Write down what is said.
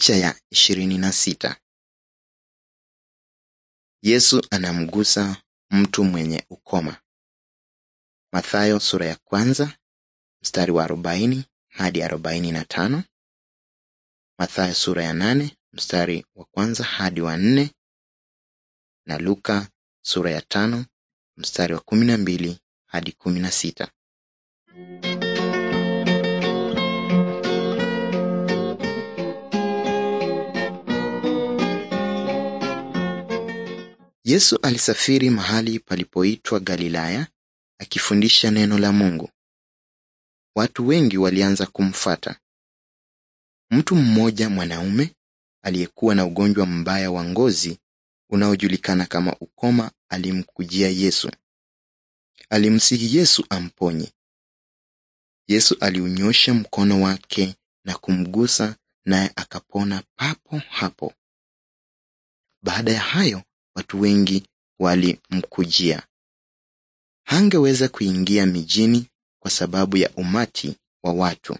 Picha ya ishirini na sita. Yesu anamgusa mtu mwenye ukoma. Mathayo sura ya kwanza mstari wa arobaini hadi arobaini na tano. Mathayo sura ya nane mstari wa kwanza hadi wa nne na Luka sura ya tano mstari wa kumi na mbili hadi kumi na sita. Yesu alisafiri mahali palipoitwa Galilaya akifundisha neno la Mungu. Watu wengi walianza kumfata. Mtu mmoja mwanaume aliyekuwa na ugonjwa mbaya wa ngozi unaojulikana kama ukoma alimkujia Yesu. Alimsihi Yesu amponye. Yesu aliunyosha mkono wake na kumgusa naye akapona papo hapo. Baada ya hayo watu wengi walimkujia. Hangeweza kuingia mijini kwa sababu ya umati wa watu.